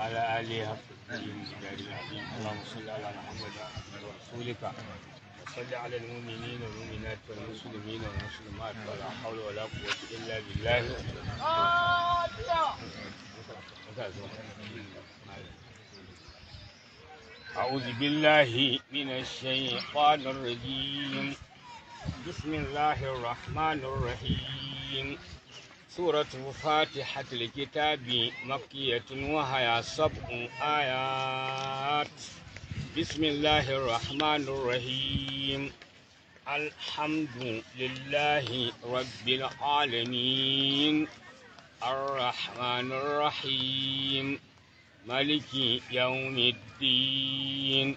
وعلى آله اللهم صل على محمد ورسولك وصل على المؤمنين والمؤمنات والمسلمين والمسلمات ولا حول ولا قوة إلا بالله أعوذ بالله من الشيطان الرجيم بسم الله الرحمن الرحيم سورة فاتحة الكتاب مكية وهي سبع آيات بسم الله الرحمن الرحيم الحمد لله رب العالمين الرحمن الرحيم ملك يوم الدين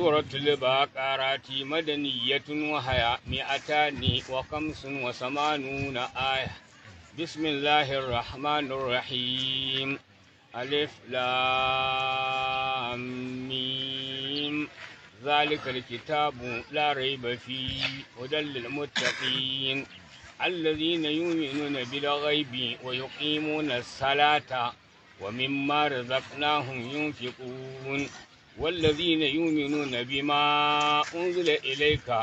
سورة البقرة مدنية وهي مئتان وخمس وثمانون آية بسم الله الرحمن الرحيم ألف لام ميم ذلك الكتاب لا ريب فيه هدى للمتقين الذين يؤمنون بالغيب ويقيمون الصلاة ومما رزقناهم ينفقون والذين يؤمنون بما أنزل إليك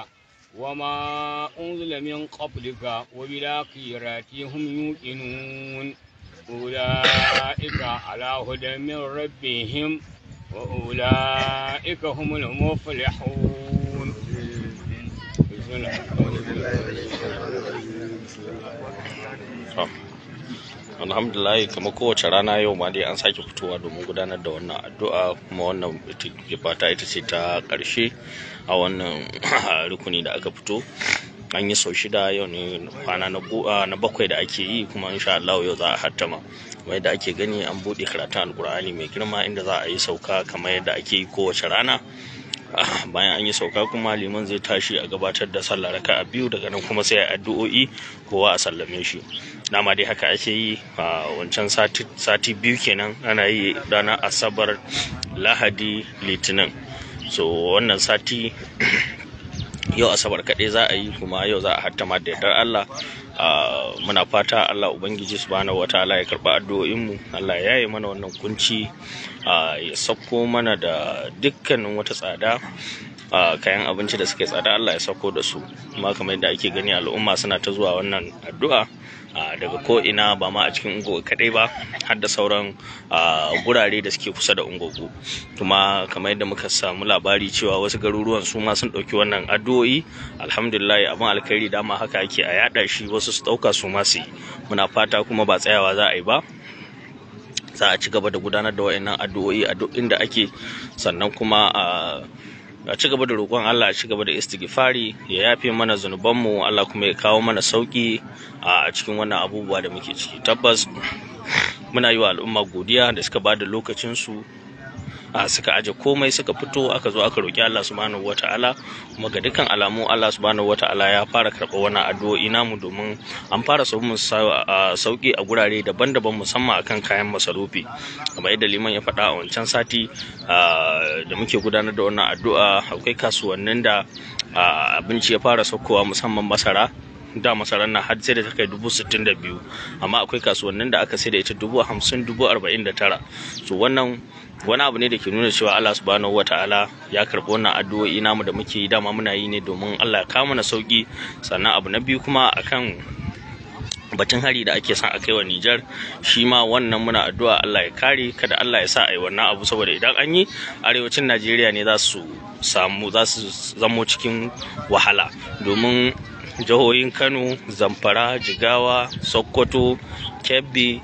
وما أنزل من قبلك وبلا هم يؤمنون أولئك على هدى من ربهم وأولئك هم المفلحون بسم الله alhamdulillah kamar kowace rana yau ma dai an sake fitowa domin gudanar da wannan addu'a kuma wannan fata ita ce ta karshe a wannan rukuni da aka fito an yi sau shida yau ne kwana na ah, bakwai da ake yi kuma insha Allah yau za a hattama wai yadda ake gani an buɗe karatun alkur'ani mai girma inda za a yi sauka kamar yadda ake yi kowace rana bayan an yi sauka kuma liman zai tashi a gabatar da sallah raka a biyu daga nan kuma sai a addu'o'i kowa a sallame shi dama dai haka ake yi a wancan sati biyu kenan ana yi ranar asabar lahadi litinin so wannan sati yau asabar kaɗai za a yi kuma yau za a hattama da yardar allah Ah, muna fata Allah Ubangiji subhanahu wataala ya karba addu'o'inmu Allah ya yi mana wannan kunci ah, ya sauko mana da dukkanin wata tsada ah, kayan abinci da suke tsada Allah ya sauko da su amma kamar yadda ake gani al'umma suna ta zuwa wannan addu'a daga ko ina ba ma a cikin ungo kadai ba har da sauran gurare da suke kusa da ungogo kuma kamar yadda muka samu labari cewa wasu garuruwan su ma sun ɗauki wannan addu'o'i alhamdulillah abin alkhairi dama haka ake a yada shi wasu su ɗauka su ma su muna fata kuma ba tsayawa za a yi ba za a ci gaba da gudanar da wa'annan addu'o'i a duk inda ake sannan kuma a a ci gaba da roƙon Allah a ci gaba da istighfari ya yafe mana zunuban mu Allah kuma ya kawo mana sauki a cikin wannan abubuwa da muke ciki tabbas muna yi wa al'umma godiya da suka ba da lokacinsu a suka aje komai suka fito aka zo aka roki Allah subhanahu wataala kuma ga dukkan alamu Allah subhanahu wataala ya fara karɓar wani addu'o'i namu domin an fara samun sauki a gurare daban-daban musamman akan kayan masarufi kamar yadda liman ya faɗa a wancan sati da muke gudanar da wannan addu'a akwai kasuwannin da abinci ya fara saukowa musamman masara da masarar nan har sai da ta kai dubu sittin da biyu amma akwai kasuwannin da aka sai da ita dubu hamsin dubu arba'in da tara so wannan wani abu ne da ke nuna cewa Allah subhanahu wa ta'ala ya karɓi wannan addu'o'i namu da muke yi dama muna yi ne domin Allah ya kama mana sauki sannan abu na biyu kuma akan batun hari da ake son a kai wa Nijar shi ma wannan muna addu'a Allah ya kare kada Allah ya sa a yi wannan abu saboda idan an yi arewacin Najeriya ne za su samu za su zamo cikin wahala domin jihohin kano zamfara jigawa sokoto kebbi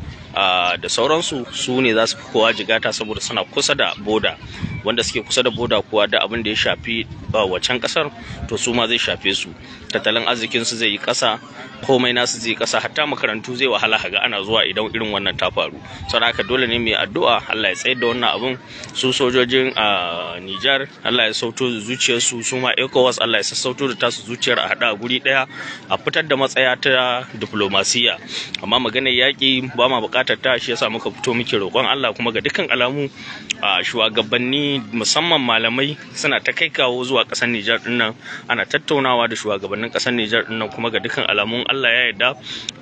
da sauransu su ne za su fi kowa jigata saboda suna kusa da boda wanda suke kusa da boda kuwa da abin da ya shafi waccan kasar to su ma zai shafe su tattalin arzikinsu zai yi kasa komai nasu zai kasa hatta makarantu zai wahala ga ana zuwa idan irin wannan ta faru saboda haka dole ne mai addu'a Allah ya tsayar da wannan abun su sojojin a Nijar Allah ya sauto zuciyarsu su ma ECOWAS Allah ya sassauto da tasu zuciyar a hada guri daya a fitar da matsaya ta diplomasiya amma maganar yaƙi ba ma buƙatar ta shi yasa muka fito muke roƙon Allah kuma ga dukkan alamu a shugabanni musamman malamai suna ta kai kawo zuwa ƙasar Nijar dinnan ana tattaunawa da shugabannin ƙasar Nijar ɗinnan, kuma ga dukkan alamun Allah ya yarda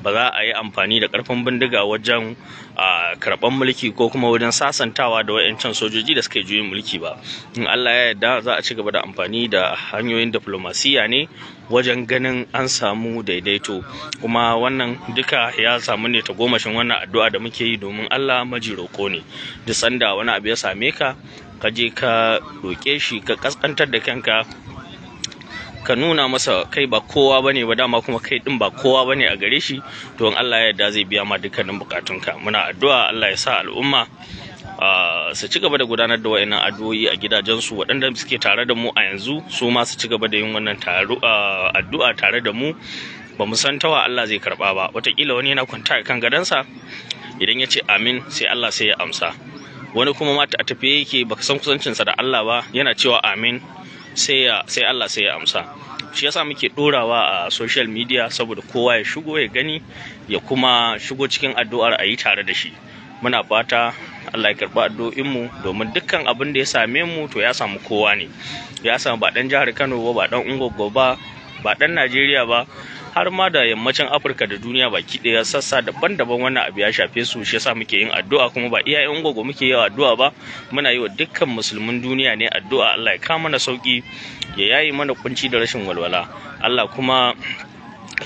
ba za a yi amfani da karfin bindiga wajen karɓar mulki ko kuma wajen sasantawa da wayancan sojoji da suke juyin mulki ba in Allah ya yarda za a ci gaba da amfani da hanyoyin diplomasiya ne wajen ganin an samu daidaito kuma wannan duka ya samu ne ta gomashin wannan addu'a da muke yi domin Allah maji roko ne duk sanda wani abu ya same ka ka je ka roƙe shi ka kaskantar da kanka ka nuna masa kai ba kowa ba ne ba dama kuma kai din ba kowa ba ne a gare shi to in Allah ya yarda zai biya ma dukkanin bukatunka muna addu'a Allah ya sa al'umma su ci gaba da gudanar da wayannan addu'o'i a gidajensu waɗanda suke tare da mu a yanzu su ma su ci gaba da yin wannan addu'a tare da mu ba mu san tawa Allah zai karba ba watakila wani yana kwanta kan gadansa idan ya ce amin sai Allah sai ya amsa wani kuma mata a tafiye yake baka san kusancinsa da Allah ba yana cewa amin sai Allah sai ya amsa shi yasa muke ɗorawa a social media saboda kowa ya shigo ya gani ya kuma shigo cikin addu'ar a yi tare da shi muna fata Allah ya karɓi mu domin dukkan abin da ya same mu to ya samu kowa ne ya samu ba ɗan jihar Kano ba ba ɗan Ungo ba ba ɗan najeriya ba har ma da yammacin afirka da duniya baki ɗaya sassa daban-daban wannan abu ya shafe su shi yasa muke yin addu'a kuma ba iya yan gogo muke yi addu'a ba muna yi wa dukkan musulmin duniya ne addu'a allah ya kama mana sauki ya yayi mana kunci da rashin walwala allah kuma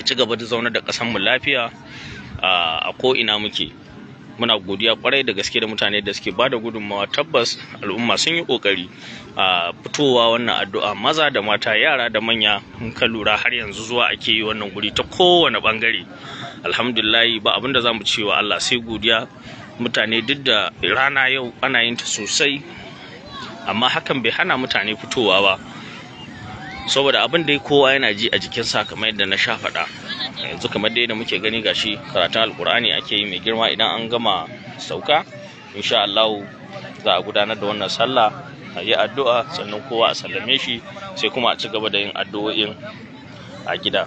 ya ci gaba da zaunar da ƙasar mu lafiya a ko ina muke muna godiya kwarai da gaske da mutane da suke bada gudunmawa tabbas al'umma sun yi kokari a fitowa wannan addu'a maza da mata yara da manya in ka lura har yanzu zuwa ake yi wannan guri ta kowane bangare alhamdulillahi ba abin da zamu mu cewa Allah sai godiya mutane duk da rana yau ana yin ta sosai amma hakan bai hana mutane fitowa ba saboda abin da kowa yana ji a jikin sa kamar yadda na sha faɗa yanzu kamar dai da muke gani gashi karatun alkur'ani ake yi mai girma idan an gama sauka insha Allah za a gudanar da wannan sallah a yi addu'a sannan kowa a sallame shi sai kuma a ci gaba da yin addu'o'in a gida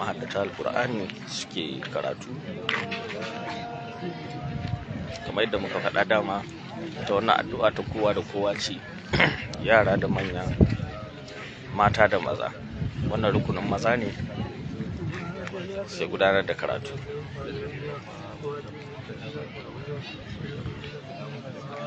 mahaddata alkur'ani suke karatu kamar yadda muka faɗa dama ta wannan addu'a ta kowa da kowa ce yara da manya mata da maza wannan rukunin maza ne sai gudanar da karatu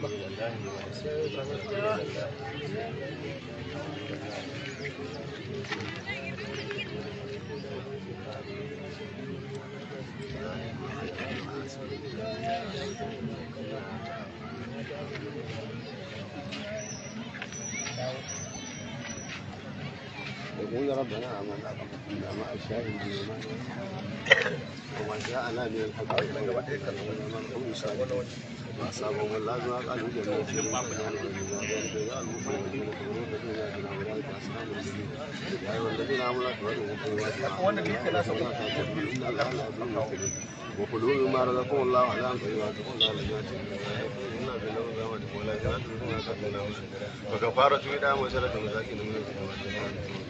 يقول ربنا آمنا بما ما أشهد من إيمان وما جاءنا من الحق وما جاءنا من الحق وما جاءنا من الحق وما جاءنا من الحق sabon wallahi zuwa kalu da ne shi ba ku da ne ya almufa ne da kuma da ne ya da wala da sabon ne ya yi wanda dina mula ya ta wanda ne kana sabon ka ta bi inna allaha la ya wa qulu mimma razaqakum allah wa la ilaha illa huwa la ilaha illa huwa la ilaha illa huwa la ilaha illa huwa la ilaha illa huwa la ilaha illa huwa la ilaha illa huwa la ilaha illa huwa la ilaha illa huwa la ilaha illa huwa la ilaha illa huwa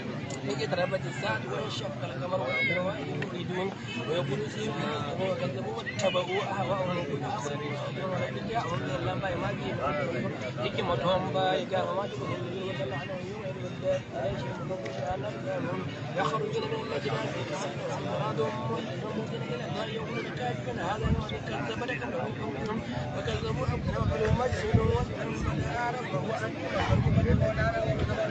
لقيت ربة الساعة ولا الشفق القمر ولا الهوائل يريدون ويقول سيروا وكذبوا واتبعوا أهواءهم كل أمر ولا إلجاء من الله باي ما فيه حكمتهم باي قال ما تكون الذين دل عنهم يوم إليش يخرجون من الأجداد أعراضهم ويخرجون إلى النار يقولون كافرون هذا كذب لكم قومكم وكذبوا أبناءهم مجهولون وأنزل أعرف وأنزل أعرف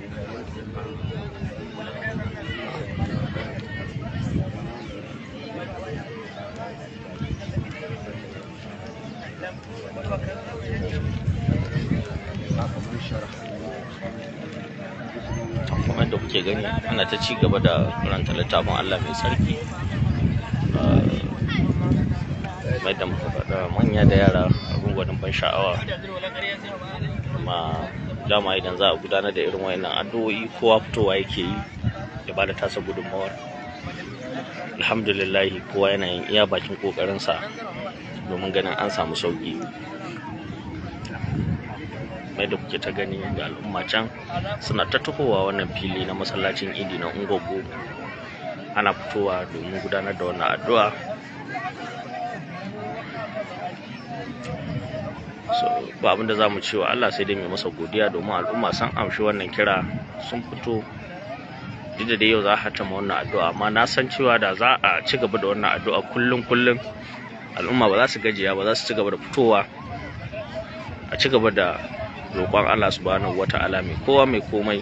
kuke gani ana ta ci gaba da karanta littafin Allah mai sarki ah, mai da muka faɗa manya da yara abin gwanin ban sha'awa amma dama idan za a gudanar da irin wayannan addu'o'i kowa fitowa yake yi ya bada tasa gudunmawar alhamdulillahi kowa yana yin iya bakin kokarinsa domin ganin an samu sauki kamar yadda kuke ta gani ga al'umma can suna ta tuhowa wannan fili na masallacin idi na ungogo ana fitowa domin gudanar da wannan addu'a so ba abin da za mu wa Allah sai dai mai masa godiya domin al'umma sun amshi wannan kira sun fito duk da yau za a hatama wannan addu'a amma na san cewa da za a ci gaba da wannan addu'a kullum kullum al'umma ba za su gajiya ba za su ci gaba da fitowa a ci gaba da roƙon Allah subhanahu wata'ala mai kowa mai komai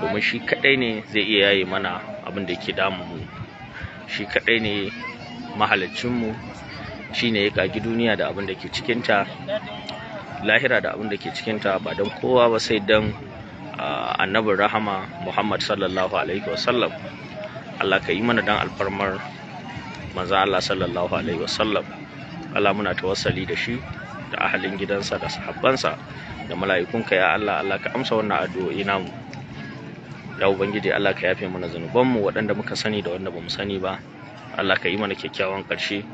domin shi kadai ne zai iya yaye mana abin da ke damu mu shi kadai ne mahalaccin mu shine ya kagi duniya da abin da ke cikinta lahira da abin da ke cikinta ba don kowa ba sai don annabin rahama muhammad sallallahu alaihi wasallam allah ka yi mana don alfarmar manzo allah sallallahu alaihi wasallam allah muna tawassali da shi da ahalin gidansa da sahabbansa da mala'ikunka ya Allah Allah ka amsa wannan addu'o'i namu ya ubangiji Allah ka yafe mana mu waɗanda muka sani da wanda bamu sani ba Allah ka yi mana kyakkyawan ƙarshe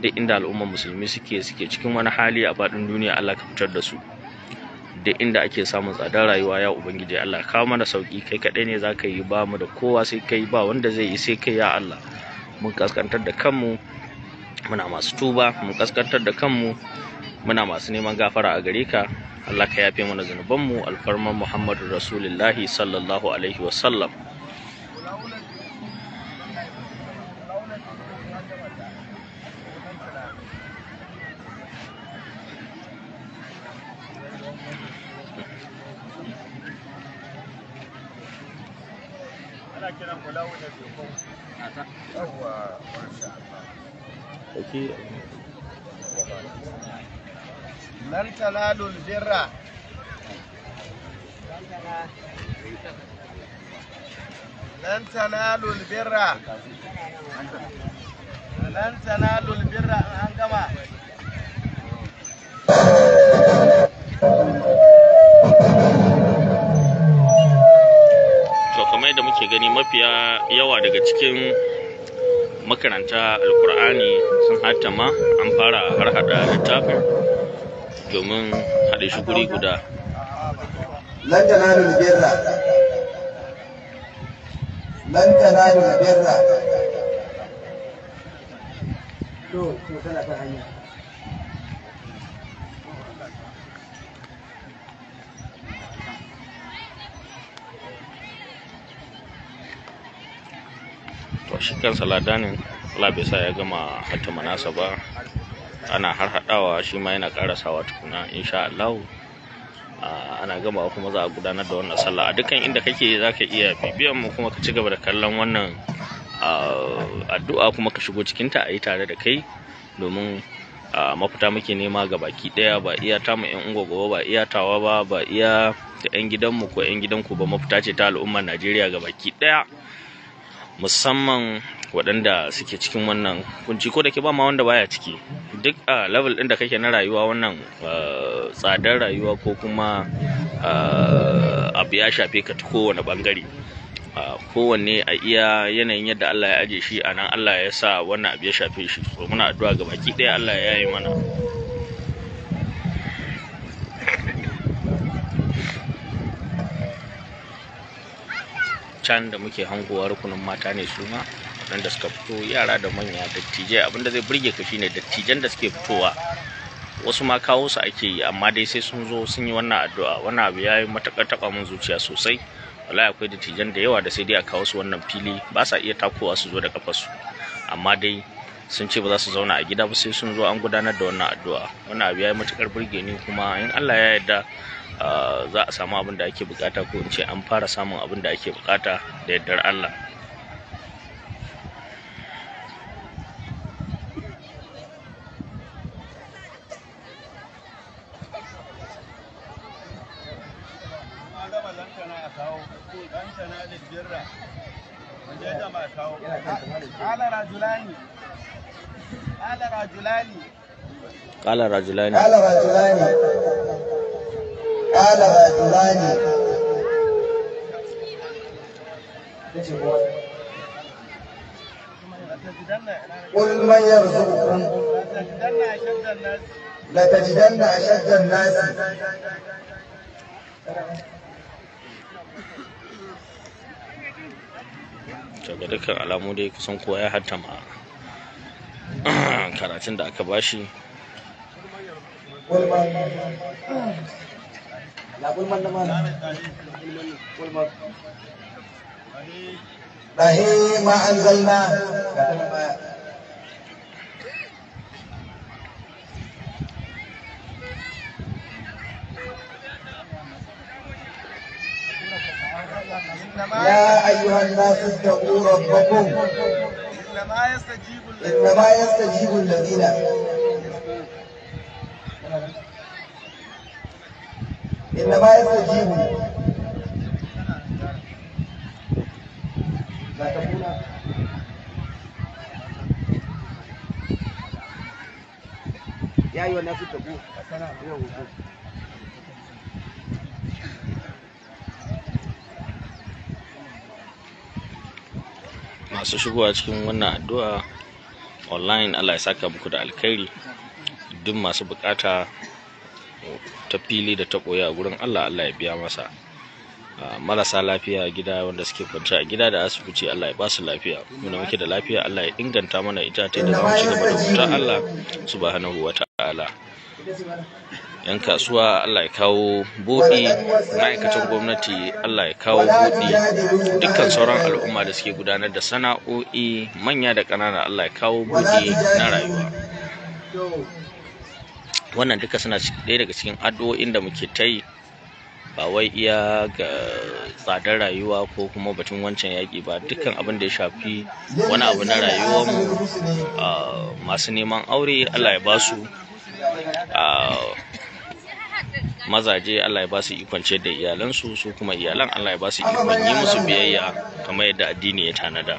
duk inda al'ummar musulmi suke suke cikin wani hali a faɗin duniya Allah ka fitar da su duk inda ake samun tsadar rayuwa ya ubangiji Allah kawo mana sauki kai kaɗai ne za ka yi ba mu da kowa sai kai ba wanda zai yi sai kai ya Allah mun kaskantar da kanmu muna masu tuba mun kaskantar da kanmu muna masu neman gafara a gare ka Allah ka yafe mana zunubanmu alfarman Muhammadu Rasulullahi sallallahu alaihi wasallam Thank you. lan talalul birra lan talalul birra lan talalul birra an gama to kamar yadda muke gani mafiya yawa daga cikin makaranta alkur'ani sun hatama an fara har hada littafin domin haɗe shi guri guda lan na birra lan birra to to ta hanya to shi kansa ladanin Allah ya gama hatta manasa ba ana harhaɗawa, shi ma yana sawa tukuna insha Allah ana gama kuma za a gudanar da wannan sallah a dukkan inda kake za ka iya bibiyan mu kuma ka ci gaba da kallon wannan addu'a kuma ka shigo cikinta a yi tare da kai domin mafita muke nema ga baki ɗaya ba iya ta mu yan ungwa ba iya tawa ba ba iya ta yan gidanmu ko yan gidanku ba mafita ce ta al'ummar Najeriya ga baki ɗaya musamman waɗanda suke cikin wannan kunci ko da ke ba ma wanda baya ciki duk a level ɗin da kake na rayuwa wannan eh, tsadar rayuwa ko kuma eh, abu ya shafe ka ta kowane ɓangare kowanne a iya yanayin yadda Allah ya aje shi anan nan Allah ya sa wannan abu ya shafe shi so muna addu'a ga baki ɗaya Allah ya yi mana can da muke hangowa rukunin mata ne su ma waɗanda suka fito yara da manya dattijai abinda zai burge ka shine dattijan da suke fitowa wasu ma kawo su ake yi amma dai sai sun zo sun yi wannan addu'a wannan abu ya yi matuƙar taɓa mun zuciya sosai wallahi akwai dattijan da yawa da sai dai a kawo su wannan fili ba sa iya takowa su zo da kafarsu amma dai sun ce ba za su zauna a gida ba sai sun zo an gudanar da wannan addu'a wannan abu ya yi matuƙar burge ni kuma in Allah ya yarda Ah, za a samu abin da ake bukata ko in ce an fara samun abin da ake bukata da yardar Allah قال رجلان قال رجلان قال رجلان قل من يرزقكم لتجدن أشد الناس daga dukkan alamu dai kusan kowa ya hatta ma karatun da aka bashi لا قول من من قول من بهي ما أنزلنا يا أيها الناس اتقوا ربكم إنما يستجيب الذين inna shigo a ya masu shigowa cikin wannan addu'a online Allah ya saka muku da alkhairi duk masu bukata ta fili da ta koya a gurin Allah Allah ya biya masa marasa lafiya gida wanda suke kwanci a gida da asibiti Allah ya ba su lafiya muna muke da lafiya Allah ya inganta mana ita ta da zamu ci gaba da bauta Allah subhanahu wa ta'ala yan kasuwa Allah ya kawo buɗi ma'aikatan gwamnati Allah ya kawo buɗi dukkan sauran al'umma da suke gudanar da sana'o'i manya da ƙanana Allah ya kawo buɗi na rayuwa wannan duka suna ɗaya daga cikin addu'o'in da muke ta yi ba wai iya ga tsadar rayuwa ko kuma batun wancan yaƙi ba dukkan abin da ya shafi wani abu na rayuwar masu neman aure allah ya basu mazaje allah ya basu ikon ce da iyalansu su kuma iyalan allah ya basu ikon yi musu biyayya kamar yadda addini ya tanada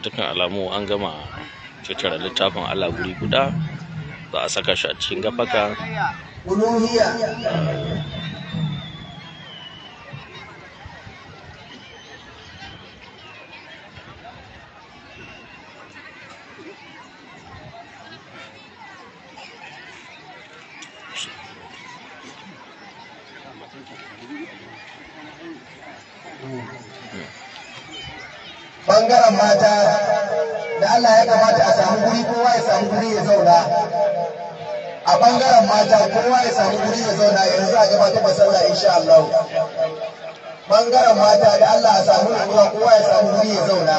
dukkan alamu an gama tattara littafin Allah guri guda za a saka shi a cikin gafaka bangaren mata da Allah ya kamata a samu guri kowa ya samu guri ya zauna a bangaren mata kowa ya samu guri ya zauna yanzu a gabatar da sallah insha Allah bangaren mata da Allah a samu nutsuwa kowa ya samu guri ya zauna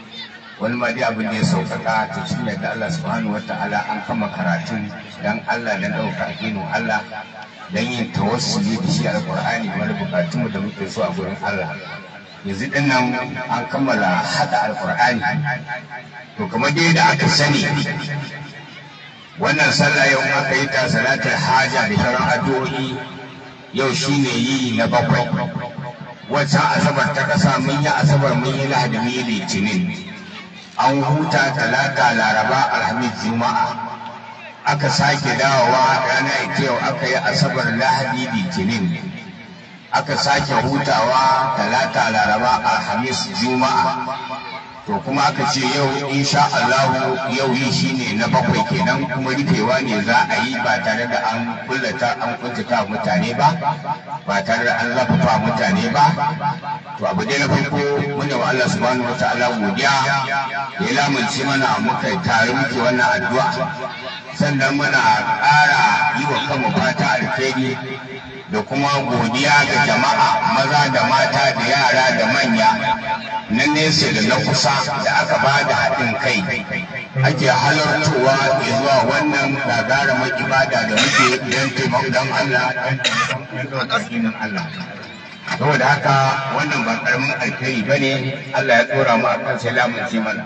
wani ma dai abin da ya sauƙaƙa to sun da Allah subhanahu ta'ala an kama karatu dan Allah dan ɗauka addinin Allah dan yin tawassuli da shi alƙur'ani wani buƙatunmu da muke so a gurin Allah yanzu din nan an kammala haɗa alƙur'ani to kamar dai da aka sani wannan sallah yau aka yi ta salatar haja da sharan addu'o'i yau shine yi na bakwai wacce asabar ta kasa mun yi asabar mun yi lahadi mun yi litinin an huta talata laraba alhamis juma'a aka sake dawowa ranar ita yau aka yi asabar lahadi litinin aka sake hutawa talata laraba alhamis juma'a to kuma aka ce yau insha Allah yau yi shine na bakwai kenan kuma rufewa ne za a yi ba tare da an kullata an kuntata mutane ba ba tare da an lafafa mutane ba to abu dai na farko muna wa Allah subhanahu wataala godiya ya lamunce mana muka tare muke wannan addu'a sannan muna ƙara yi wa kanmu fata alheri da kuma godiya ga jama'a maza da mata da yara da manya na nesa da na kusa da aka ba da haɗin kai ake halartowa ya zuwa wannan gagarumar ibada da muke don taimakon Allah don Allah saboda haka wannan ba ƙaramin alkhairi ba ne Allah ya tsora mu akan salamun ce mana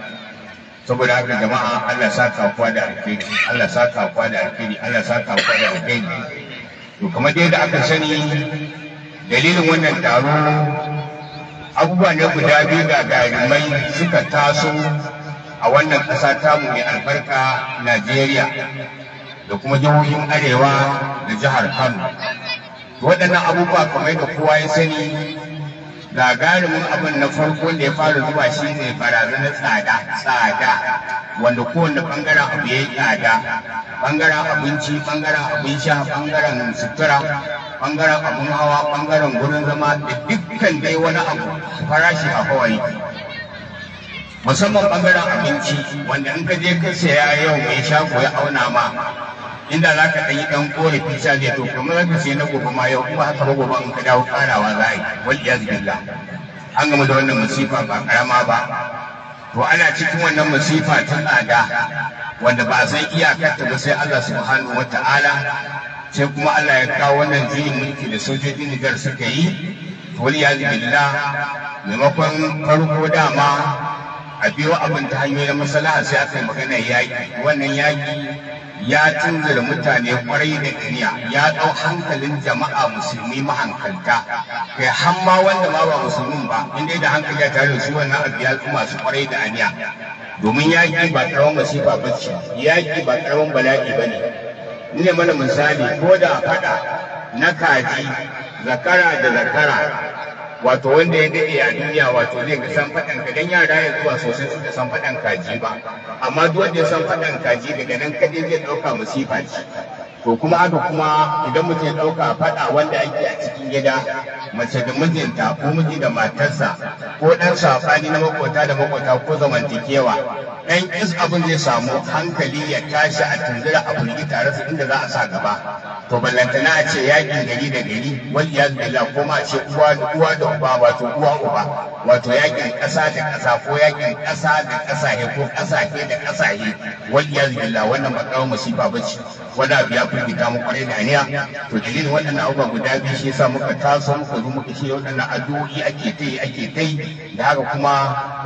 saboda haka jama'a Allah sa kawo da alkhairi Allah sa kakuwa da alkhairi Allah sa kakuwa da alkhairi to kamar dai da aka sani dalilin wannan taro abubuwa ne guda biyu ga garimai suka taso a wannan ƙasa tamu mai albarka najeriya da kuma jihohin arewa da jihar kano waɗannan abubuwa kamar da kowa ya sani gagarumin abin na farko da ya fara zuwa shi ne barazanar tsada tsada wanda kowane bangaren abu ya yi tsada bangaren abinci bangaren abin sha bangaren sutura bangaren abin hawa bangaren gurin zama da dukkan dai wani abu farashi a kawai musamman bangaren abinci wanda in ka je ka saya yau mai shago ya auna ma inda za ka ɗan yi ɗan korafi sa zai to kamar za ka sai na gobe ma yau kuma haka ba gobe in ka dawo karawa za a yi wal iyaz billah an gama da wannan masifa ba karama ba to ana cikin wannan masifa tun a da wanda ba a san iyakarta ba sai Allah subhanahu wata'ala sai kuma Allah ya kawo wannan juyin mulki da sojojin Nijar suka yi wal iyaz billah maimakon farko dama a biyo abin ta hanyoyin maslaha sai aka magana yaƙi wannan yaƙi ya tunzura mutane kwarai da ganiya ya ɗau hankalin jama'a musulmi mahankalta kai har wanda ma ba musulmin ba inda da hankali ya tare su wannan abu ya masu kwarai da aniya domin yaƙi ba karamin masifa ba yaƙi ba karamin bala'i ba ne ne mana misali ko da faɗa na kaji zakara da zakara wato wanda ya daɗe a duniya wato zai ga san faɗan ka dan yara ya zuwa sosai da san faɗan kaji ba amma duk wanda ya san faɗan kaji daga nan kaɗai zai ɗauka musifa ce to kuma haka kuma idan mutum ya ɗauka faɗa wanda ake a cikin gida mace da mijinta ko miji da matarsa ko ɗan safani na makota da makota ko zamantakewa ɗan is abin zai samu hankali ya tashi a tunzura a firgi tare su inda za a sa gaba to ballantana a ce yakin gari da gari wani ya zubila ko ma ce uwa da uwa da uba wato uwa uba wato yakin ƙasa da ƙasa ko yakin ƙasa da ƙasashe ko ƙasashe da ƙasashe wani ya zubila wannan ba kawo musiba ba ce wani abu ya fifita mu kwarai da aniya to dalilin waɗannan abubuwa guda biyu shi yasa muka taso muka zo muka ce waɗannan addu'o'i ake ta yi ake ta yi da haka kuma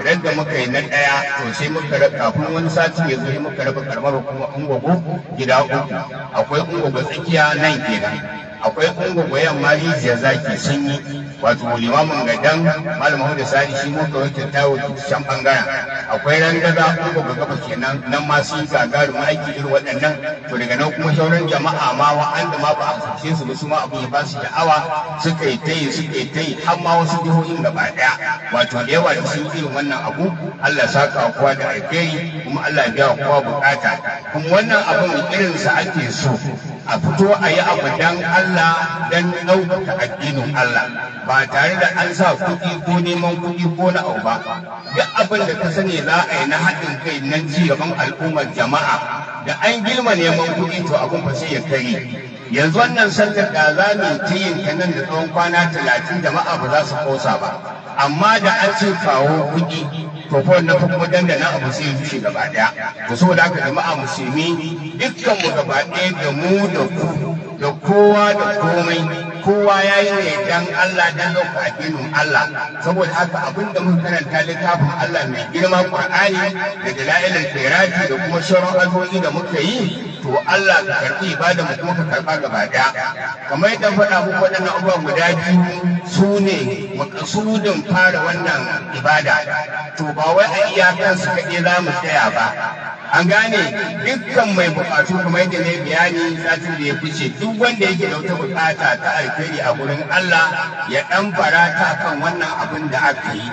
radda muka yi na ɗaya to sai muka raba kafin wani sati ya zo muka raba karamar hukumar ungwago gida uku akwai ungwago tsakiya nan kenan akwai ungogoyen ma rijiyar zaki sun yi wato limamin gadan malam hudu Sani shi muka wakil ta can bangaren akwai ran rangaza ga gaba kenan nan ma sun gagarumin aiki irin waɗannan to daga nan kuma sauran jama'a ma wa'anda ma ba a fahimce su ba su ma abu ya ba su sha'awa suka yi ta yi suka yi har ma wasu jihohin gaba ɗaya wato da yawa da sun irin wannan abu Allah ya saka kowa da alkhairi kuma Allah ya biya kowa bukata kuma wannan abin irinsa ake so a fito a yi abu dan Allah don ɗaukaka addinin Allah ba tare da an sa kuɗi ko neman kuɗi ko na abu ba duk abin da ta sani za a yi na haɗin kai na ci gaban al'ummar jama'a da an gilma neman kuɗi to abin fa sai ya kare yanzu wannan sallar da za mu ta yin ta nan da tsawon kwana talatin jama'a ba za su kosa ba amma da an ce kawo kuɗi to na wannan kuma dangana abu sai rushe gaba daya to saboda haka jama'a musulmi dukkan mu gaba daya da mu da ku da kowa da komai kowa ya yi ne dan Allah dan dauka addinin Allah saboda haka abin da muka karanta littafin Allah mai girma Qur'ani da dalailin qirati da kuma sharon azoji da muka yi to Allah ka karbi ibada mu kuma ka karba gaba daya kamar yadda faɗa muku waɗannan abubuwa guda biyu su ne makasudin fara wannan ibada to ba wai a iyakansu kaɗai za mu tsaya ba an gane dukkan mai bukatu kamar yadda na bayani satin da ya fice duk wanda yake da wata bukata ta alkhairi a gurin Allah ya dan fara ta kan wannan abin da aka yi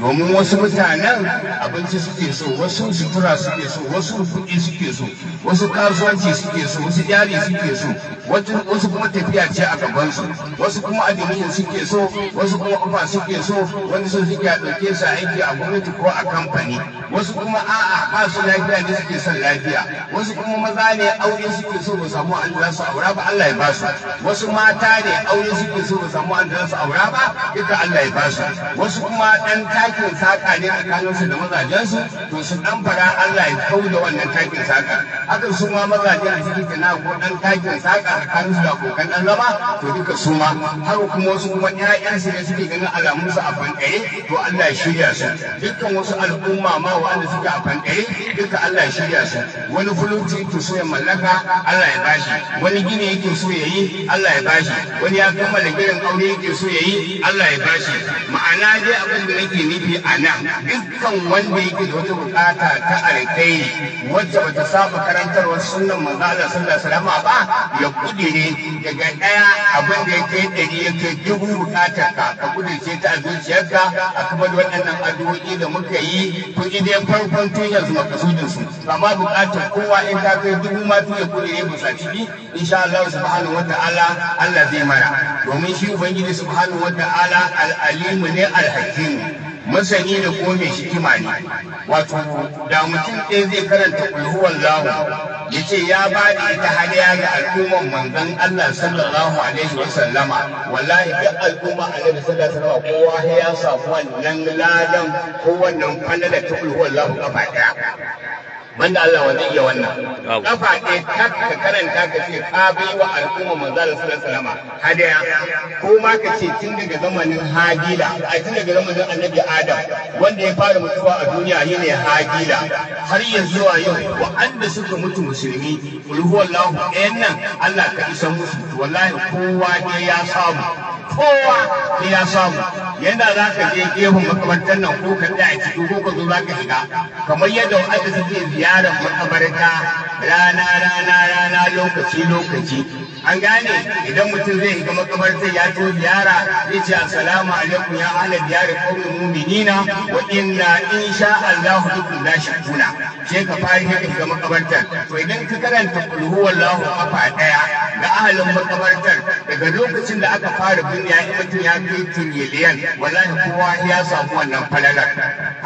domin wasu mutanen abinci suke so wasu sutura suke so wasu kuɗi suke so wasu kasuwanci suke so wasu yari suke so wasu kuma tafiya ce a gabansu wasu kuma adireshin suke so wasu kuma ofa suke so wani so suke a ɗauke su aiki a gwamnati ko a kamfani wasu kuma a'a ba su lafiya ne suke son lafiya wasu kuma maza ne aure suke so ba samu an da su aura ba Allah ya ba su wasu mata ne aure suke so ba samu an da su aura ba ita Allah ya ba su wasu kuma ɗan takin saka ne a kanunsu da mazajensu to su dan fara Allah ya kau da wannan takin saka haka su ma mazaje a cikin na ko dan takin saka a kanunsu da kokan dan zama to duka su ma har kuma wasu kuma ƴaƴansu ne suke ganin alamunsu a fankare to Allah ya shirya su dukkan wasu al'umma ma wanda suke a fankare duka Allah ya shirya su wani fulutin to so ya mallaka Allah ya bashi wani gini yake so ya yi Allah ya bashi wani ya kammala girin aure yake so ya yi Allah ya bashi ma'ana dai abin da nake ni nufi a nan dukkan wanda yake da wata bukata ta alkai wacce bata saba karantarwar sunan manzo Allah sallallahu alaihi ba ya kudire daga daya abin da yake dari yake dubu bukatar ka ka kudirce ta a ka a kuma da waɗannan addu'o'i da muka yi to idan farkon tun yanzu makasudin su amma bukatar kowa in ta kai dubu ma tun ya kudire sa ciki insha Allah subhanahu wataala Allah zai mara domin shi ubangiji subhanahu wataala al-alimu ne al hakim masani da ko mai hikima ne wato da mutum ɗaya zai karanta kulhuwan lahu ya ce ya ba da ita hadiya ga al'umman manzon Allah sallallahu alaihi wa sallama wallahi duk al'umma alaihi sallallahu alaihi kowa ya samu wannan ladan ko wannan da ta kulhuwan lahu gaba ɗaya Wanda Allah wa zai iya wannan kafa ɗaya ka karanta ka ce ka bai wa al'umma manzo Allah sallallahu alaihi hadaya ko ma ka ce tun daga zamanin Hagila a tun daga zamanin Annabi Adam wanda ya fara mutuwa a duniya yi ne Hagila har yanzu a yau wa'anda suka mutu musulmi kul ɗayan nan Allah ka isa musu wallahi kowa ne ya samu kowa ne ya samu yadda za ka je gefen makamantar nan ko ka tsaya a ciki ko ka zo za ka shiga kamar yadda wa'anda suke ziyara yaron makabarta rana rana rana lokaci lokaci an gane idan mutum zai ga makabartar ya to ziyara zai ce assalamu alaikum ya ahla diyar qaumul mu'minina wa inna insha Allah shi kuna sai ka fara hikin ga makabartar to idan ka karanta kul huwallahu kafa daya ga ahalin makabartar daga lokacin da aka fara duniya in mutum ya kai wala wallahi kowa ya samu wannan falalar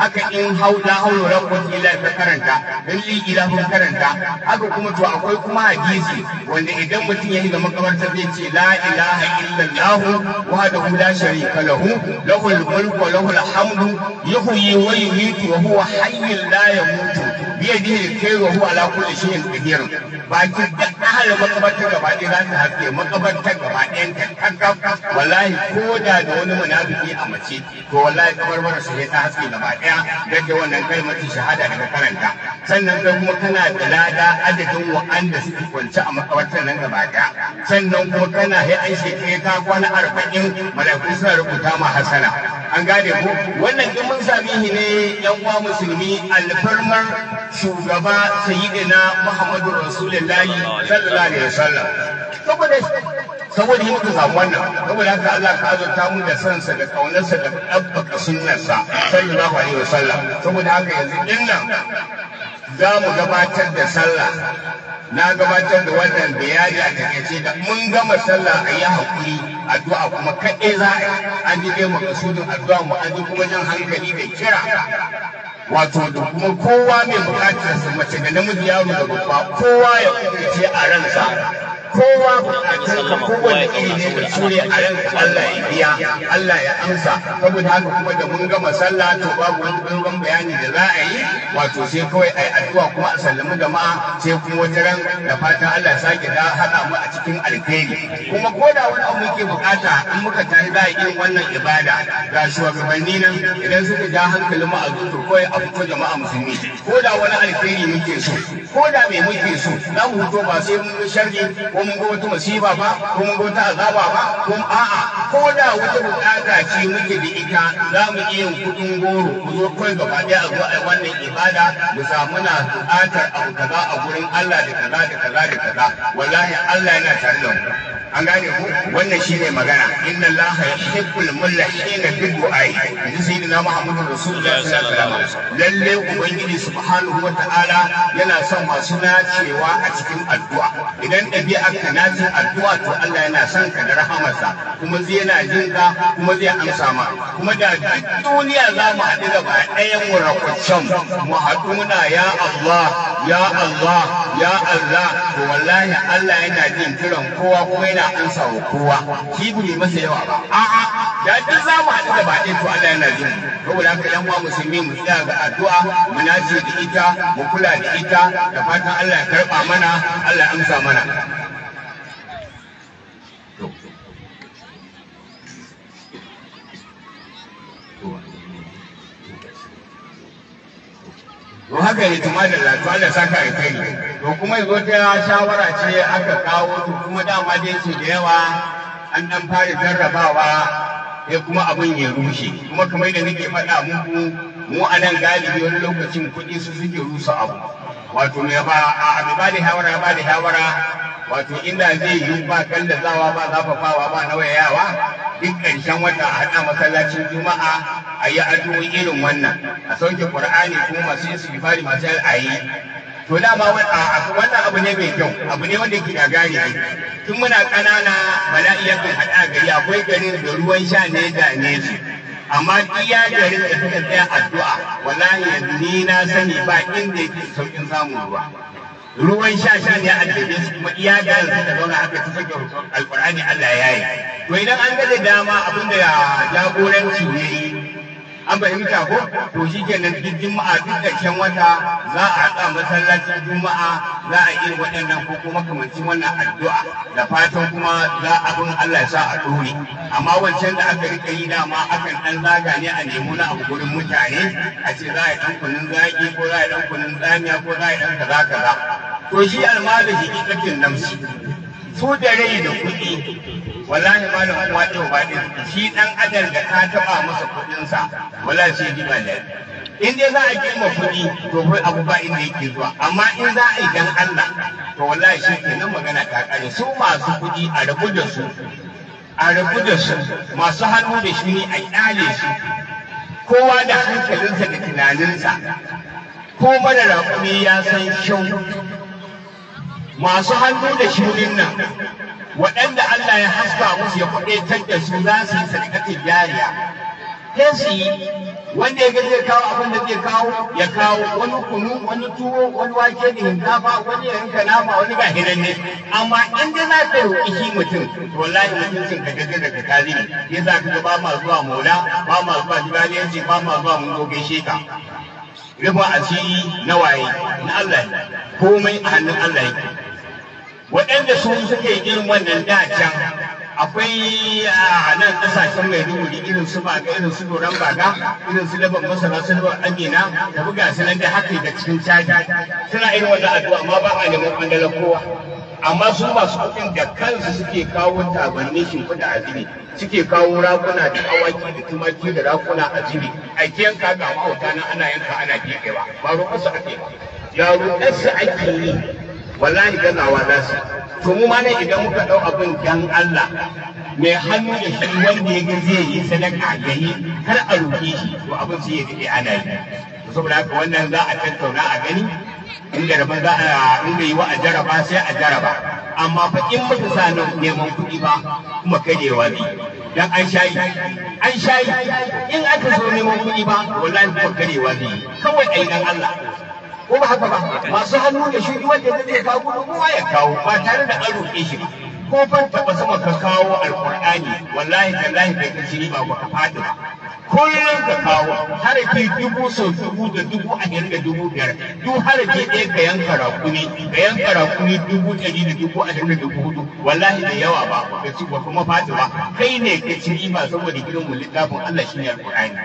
haka in haula haula rabbul ilahi ka karanta dalli ilahun karanta haka kuma to akwai kuma hadisi wanda idan mutum ya yi. da makabarta zai ce la ilaha illallah wahdahu la sharika lahu lahul mulku wa lahul hamdu yuhyi wa yumiitu wa huwa hayyul la yamutu biyadihi kai wa huwa ala kulli shay'in qadir baki da ahalin makabartar gaba ɗaya za ta haske makabartar gaba ɗayan ta kankan wallahi ko da da wani munafiki a mace to wallahi mara su ta haske gaba ɗaya daga wannan kalmar shahada daga karanta sannan kai kuma kana da lada adadin wa'anda suke kwance a makabartar nan gaba ɗaya sannan kuma kana hai an shekaru ta kwana arba'in malaku suna rubuta ma hasana an gane ko wannan duk mun sami ne yan uwa musulmi alfarmar shugaba sayyidina Muhammadu Rasulullahi sallallahu alaihi wasallam saboda saboda yin samu wannan saboda haka Allah ka azurta mu da sa da kaunarsa da sunnar sunnarsa sallallahu alaihi wasallam saboda haka yanzu dinnan za mu gabatar da sallah na gabatar da wannan bayani a takaice da mun gama sallah a yi hakuri addu'a kuma kaɗai za a yi an ji dai makasudin addu'a mu an ji kuma jan hankali da kira wato da kuma kowa mai bukatar su mace da namiji yaro da babba kowa ya kuɗe a ransa kowa a kowane ilimi da ne a ran Allah ya biya Allah ya amsa saboda haka kuma da mun gama sallah to babu wani dogon bayani da za a yi wato sai kawai ai addu'a kuma a sallami jama'a sai kuma wata ran da fatan Allah sake da hada mu a cikin alkhairi kuma ko da wani abu muke bukata in muka tafi za a wannan ibada ga shugabanni nan idan suka ja hankalin mu a zuwa kawai a fito jama'a musulmi ko da wani alkhairi muke so ko da me muke so za mu fito ba sai mun sharri ko ko mun ga wata ba ko mun ga wata azaba ba ko a'a ko da wata bukata ce muke da ita za mu iya kudin goro mu zo kai gaba ɗaya a zo a wannan ibada mu samu na bukatar abu kaza a gurin Allah da kaza da kaza da kaza wallahi Allah yana tare da mu an gane ku wannan shine magana inna allah yuhibbul mulhina fi du'ai yanzu na muhammadu rasulullahi sallallahu alaihi wasallam lalle ubangiji subhanahu ta'ala yana son masu nacewa a cikin addu'a idan ɗabi'ar ka nacin addu'a to allah yana son ka da rahamarsa kuma zai yana jin ka kuma zai amsa ma kuma da duk duniya za mu haɗu gaba ɗayan mu rakwacen mu haɗu muna ya allah ya allah ya allah to wallahi allah yana jin kiran kowa kuma yana yana amsa wa kowa shi ne masa yawa ba a'a da duk za mu haɗu da baɗin to Allah yana jin saboda haka yan uwa musulmi mu tsaya ga addu'a mu da ita mu kula da ita da fatan Allah ya karɓa mana Allah ya amsa mana to haka ne tuma da latuwa da saka ya kai to kuma zo ta shawara ce aka kawo to kuma dama dai ce da yawa an dan fara jarrabawa sai kuma abin ya rushe kuma kamar da nake faɗa muku mu a nan galibi wani lokacin kuɗi su suke rusa abu wato me ba a abu ba da shawara ba da shawara wato inda zai yi ba zawa ba zafafawa ba nawayawa duk ƙarshen wata a haɗa masallacin juma'a a yi addu'o'i irin wannan a sauke qur'ani ko masu yin sifari masu a yi to dama wannan abu ne mai kyau abu ne wanda da gagari ne tun muna ƙanana bala'i ya kan haɗa gari akwai garin da ruwan sha ne da ne su amma iya garin da suka tsaya addu'a wallahi yanzu ni na sani ba inda yake saukin samun ruwa ruwan sha sha ne a daidai su kuma iya gayan su da zauna haka ta saka alƙur'ani Allah ya yi to idan an gaza dama abin da jagoranci ne an fahimta ko to shi kenan duk juma'a duk ƙarshen wata za a haɗa masallacin juma'a za a yi waɗannan ko kuma kamancin wannan addu'a da fatan kuma za a bin Allah ya sa a dore amma wancan da aka rika yi dama akan ɗan zaga ne a nemi na abu gurin mutane a ce za a yi ɗan kunun zaki ko za a yi ɗan kunun tsamiya ko za a yi ɗan kaza kaza to shi almajiri shi ƙaƙin namsi su da rai da kuɗi wallahi malam uwa ɗau ba ne shi ɗan adal da ta taba masa kuɗinsa wallahi shi ji malari in dai za a ma kuɗi to kai abu ba inda yake zuwa amma in za a yi dan Allah to wallahi shi ke nan magana ta kare su masu kuɗi a rabu da su a rabu da su masu hannu da shi ne a kyale su kowa da hankalinsa da tunaninsa ko mara raƙumi ya san shau masu hannu da shirin nan waɗanda Allah ya haska musu ya kuɗe da su za su yi sadakatin jariya sai su yi wanda ya zai kawo abin da zai kawo ya kawo wani kunu wani tuwo wani wake da hinkafa wani ya yanka nama wani ga hinan ne amma in dai za ka yi shi mutum to wallahi mutuncin ka gaje daga kazi ne za ka ba ma zuwa mola ba ma zuwa jibaliyanci ba ma zuwa mun goge sheka rufa asiri na waye na Allah komai a hannun Allah yake waɗanda su suka yi irin wannan da can akwai a nan kasashen mai duhuri irin su baga irin su doron baga irin su laban masara su laban amina da buga su nan da haka da cikin caji suna irin wannan addu'a amma ba a neman ɓangaren kowa amma su masu kuɗin da kansu suke kawo tabanni shimfiɗa a jini suke kawo rakuna da awaki da tumaki da rakuna a jini a yanka ga mahauta nan ana yanka ana kekewa ba roƙarsu ake ba ya roƙarsu ake yi wallahi gazawa za su to mu ma ne idan muka dau abin dan Allah mai hannu da shi wanda ya zai yi sadaka gani har a roƙe shi to abin sai ya dade ana yi saboda haka wannan za a tattauna a gani in jaraba za a in yi wa a jaraba sai a jaraba amma fa in muka sa nan neman kuɗi ba kuma kadewa ne dan an shayi an shayi in aka zo neman kuɗi ba wallahi kuma kadewa ne kawai ai dan Allah ko ba haka ba masu hannu da shi wanda zai kawo gudunmuwa ya kawo ba tare da an roƙe shi ba ko ban taɓa sama ka kawo alƙur'ani wallahi tallahi bai kai shi ba ko ka fadi ba kullum ka kawo harafi dubu sau dubu da dubu ashirin da dubu biyar duk harafi ɗaya ka yanka rakuni ka yanka rakuni dubu ɗari da dubu a ashirin da dubu hudu wallahi da yawa ba ka ci ba kuma fadi ba kai ne ka ci riba saboda gidan mu littafin Allah shine alƙur'ani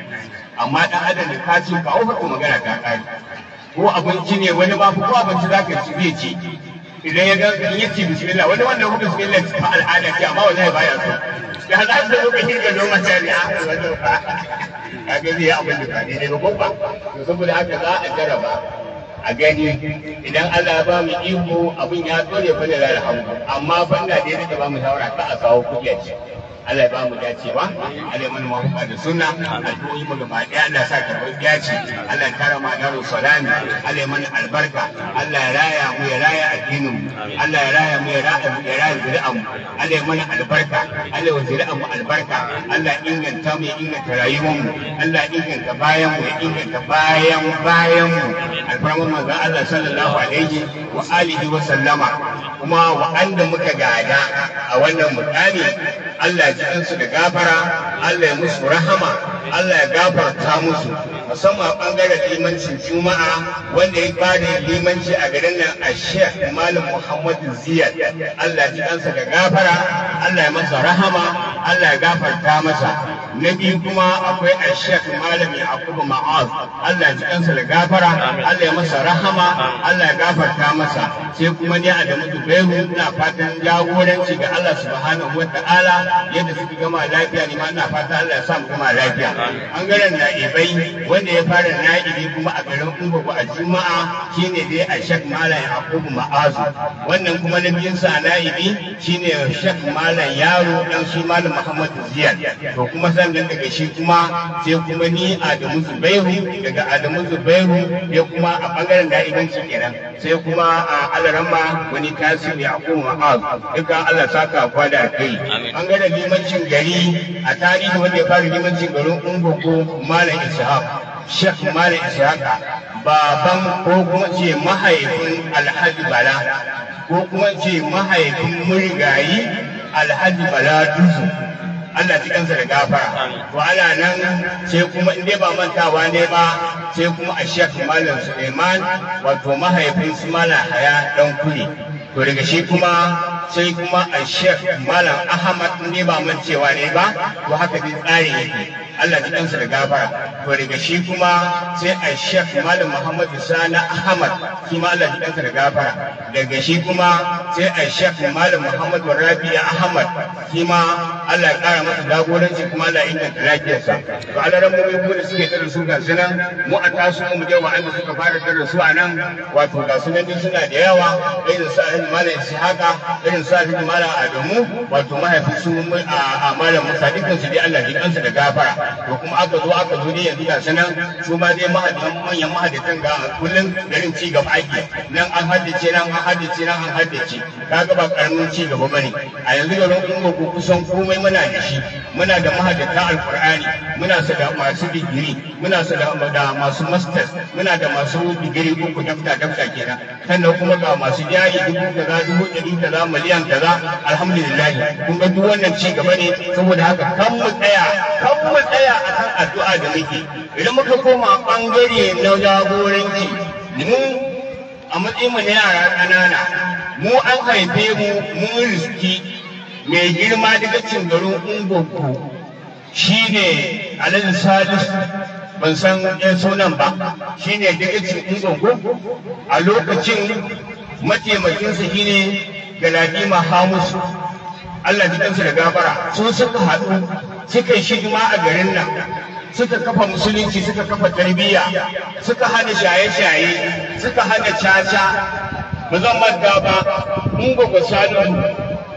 amma dan adam da ka ci ka ofar magana ta ƙari ko abinci ne wani ba ko abinci za ka ci zai ci idan ya ga in yace bismillah wani wanda ku bismillah ci fa al'ada ke amma wallahi baya so ya za su zo ka hirga don ta ne a ah, wannan ba ga zai abin da ba ne ba ko ba to saboda haka za a jaraba a gani idan Allah ya ba mu iko abin ya dore fa da alhamdu amma banda da yake ba mu shawara ta a kawo kuɗi a ci Allah ya ba mu dacewa Allah ya mana mafaka da suna. addu'o'i mu gaba daya Allah sa karɓar dace Allah ya kara ma daru salami Allah ya mana albarka Allah ya raya mu ya raya addinin mu Allah ya raya mu ya raya mu ya raya zuri'an mu Allah ya mana albarka Allah ya zuri'an mu albarka Allah ya inganta mu ya inganta rayuwar mu Allah ya inganta bayan mu ya inganta bayan bayan mu alfarman manzon Allah sallallahu alaihi wa alihi wa sallama kuma wa'anda muka gada a wannan mukami Allah ya ji ɗansu da gafara Allah ya musu rahama Allah ya gafarta musu musamman ɓangaren limancin juma'a wanda ya bada limanci a garin nan a sheikh malam muhammadu ziyad Allah ya ji ɗansa da gafara Allah ya masa rahama Allah ya gafarta masa na biyu kuma akwai a ashek a yakubu ma'az Allah ji kansa da gafara Allah ya masa rahama Allah ya gafarta masa sai kuma ne a da bayu ina fatan jagoranci ga Allah subhanahu wata'ala yadda suka gama lafiya ne ma ina fatan Allah ya sa mu gama lafiya bangaren na'ibai wanda ya fara na'ibi kuma a garin Ubagu a Juma'a shine dai a ashek a yakubu ma'az wannan kuma na biyun sa na'ibi shine shek malam yaro dan su malam Muhammad Ziyad to kuma sannan daga shi kuma sai kuma ni Adamu Zubairu daga Adamu Zubairu ya kuma a bangaren da'ibanci kenan sai kuma a Alaramma wani tasiri a kuma ma'az duka Allah saka kwa da kai bangaren limancin gari a tarihi wanda ya fara limancin garin Ungogo Malam Ishaq Sheikh Malam Ishaq baban ko kuma ce mahaifin Alhaji Bala ko kuma ce mahaifin murigayi Alhaji Bala Dusu Allah cikinsa da gafara to ana nan sai kuma in dai ba mantawa ne ba sai kuma a Sheikh Malam Suleiman wato mahaifin su Malam Haya dan kuni. to daga shi kuma sai kuma a Sheikh Malam Ahmad in dai ba mancewa ne ba to haka dai tsari yake Allah ji ɗansa da gafara to daga shi kuma sai a shek malam Muhammad Sani Ahmad shi ma Allah ji ɗansa da gafara daga shi kuma sai a shek malam Muhammad Rabi'a Ahmad shi ma Allah ya kara masa jagoranci kuma Allah ya inganta lafiyarsa to Allah ran mu da suke tare su ga sunan mu a tasu mu je wa Allah suka fara tare su a nan wato ga sunan din suna da yawa irin sa irin malam haka, irin sa irin malam Adamu wato mahaifinsu a malam Musa dukkan su dai Allah ji kansa da gafara to kuma aka zo aka zo ne yanzu ga sanan su ma dai mahadin manyan mahadatan ga kullum garin ci gaba ake nan an haddace nan an haddace nan an haddace kaga ba karamin ci gaba bane a yanzu garin kungo ku kusan komai muna da shi muna da mahadata alqur'ani muna da masu digiri muna da masu masters muna da masu digiri uku dafta dafta kenan sannan kuma ga masu jari dubu kaza dubu ɗari kaza miliyan kaza alhamdulillah kun ga duk wannan ci gaba ne saboda haka kan mu tsaya kan mu tsaya tsaya a kan addu'a da muke idan muka koma ɓangare na jagoranci mu a matsayin mu na yara ƙanana mu an haife mu mun riski mai girma daga cin garin ungonku shi ne alhaji salisu ban san yan sunan ba shi ne daga cin a lokacin mataimakinsa shi ne galadima hamus allah jikinsa da gabara sun suka haɗu suka yi shigima a garin nan suka kafa musulunci suka kafa tarbiyya suka hana shaye-shaye suka hana caca ba zan manta ba mun gwagwa sanu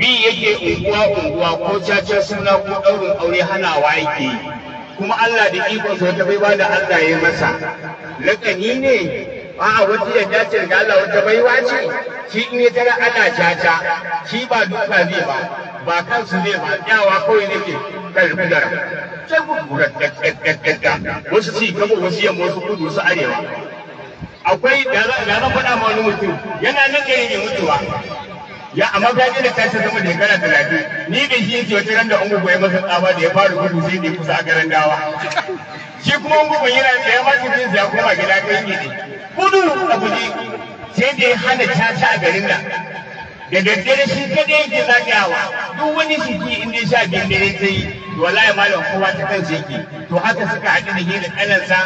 bi yake unguwa unguwa ko caca suna ko ɗaurin aure hanawa yake kuma Allah da ikon sa ta bai ba da Allah ya masa lakani ne a'a wata yadda ce daga Allah wata baiwa ce shi in ya tara ana caca shi ba duka zai ba ba kansu zai ba yawa kawai nake kalbudar sai ku kura dakkakkakkakka wasu ci kama wasu yamma wasu kudu wasu arewa akwai da faɗawa wani mutum yana nan garin mutuwa ya amma ka ji da zama zama shekara talatin ni da shi yake wata ran da ungu ya masa tsaba da ya fara gudu sai da kusa a garin dawa shi kuma ungu ban yana ya ma cikin ya koma gida kai ne gudu a guji sai da ya hana caca a garin nan da daddare shi kada yake zagayawa duk wani biki in dai sha biyar dare ta yi to ya malam kowa ta kansa yake to haka suka haɗu da gida ƙanansa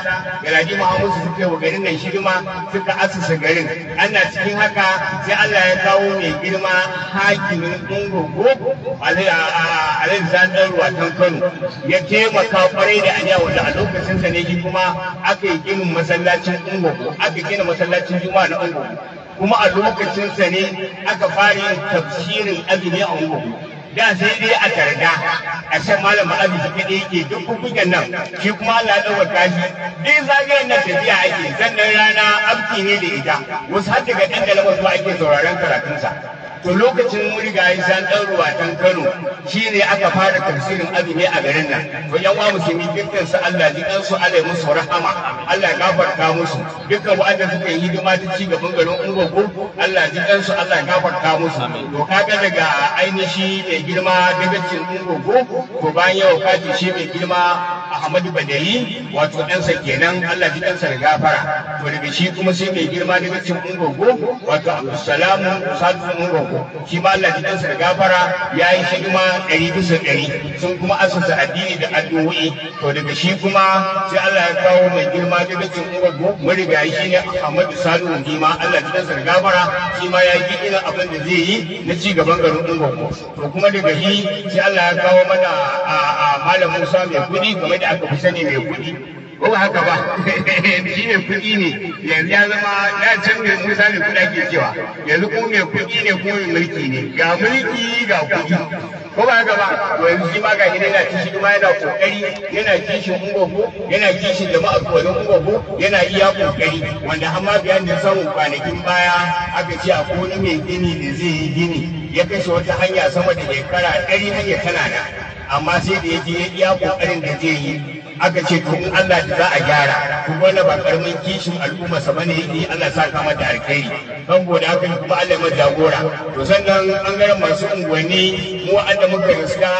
garaji muhammadu su suka wa garin nan shirma suka asusa garin ana cikin haka sai allah ya kawo mai girma hakimin ungogo alexander watan kano ya taimaka kwarai da aniya wanda a lokacin sa ne kuma aka yi ginin masallacin aka gina masallacin juma'a na ungogo kuma a lokacinsa ne aka fara yin tafsirin azumi a unguwa da sai dai a tarda a shan malam abu shi kaɗai yake duk kukukan nan shi kuma Allah ɗaukar tashi duk zagayen na tafiya ake sannan rana abki ne da ita wasu har daga ɗan da lamar ake sauraron karatunsa to lokacin murigayi san ɗan ruwatan kano shi ne aka fara tafsirin azumi a garin nan to yan uwa musulmi dukkan su Allah ji dan su Allah musu rahama Allah ya gafarta musu dukkan wanda suka yi hidima ta ci gaban garin ungogo Allah ji dan su Allah ya gafarta musu to kaga daga ainihi mai girma dagacin cikin ungogo to bayan yau kaji shi mai girma Ahmadu Badayi wato sa kenan Allah ji sa da gafara to daga shi kuma sai mai girma dagacin cikin ungogo wato Abdulsalamu Sadu ungogo shi ba Allah ji gafara ya yi hidima ɗari bisa ɗari sun kuma asusa addini da addu'o'i to daga shi kuma sai Allah ya kawo mai girma da dakin Muri marigayi shi ne Ahmadu Salihu ma Allah ya kansa da gafara shi ma ya yi abin da zai yi na ci gaban garin mu to kuma daga shi sai Allah ya kawo mana a Malam Musa mai kuɗi kamar da aka fi sani mai kuɗi ko ba haka ba shi ne kuɗi ne yanzu ya zama ya can mai musa ne kuɗa ke cewa yanzu ko mai kuɗi ne ko mai mulki ne ga mulki ga kuɗi ko ba haka ba to yanzu shi ma ga gida yana kishi kuma yana kokari yana kishin ungogo yana kishin da ma'aikatan ungogo yana iya kokari wanda amma biyan da samun kwanakin baya aka ce akwai wani mai gini da zai yi gini ya kashe wata hanya sama da shekara ɗari hanya tana da, amma sai da ya je ya iya kokarin da zai yi aka ce to in Allah da za a gyara kuma wani ba karamin kishin al'umma sa bane yake Allah sa ka mata alkhairi saboda haka kuma Allah mai jagora to sannan an ga masu unguwanni mu wanda muka riska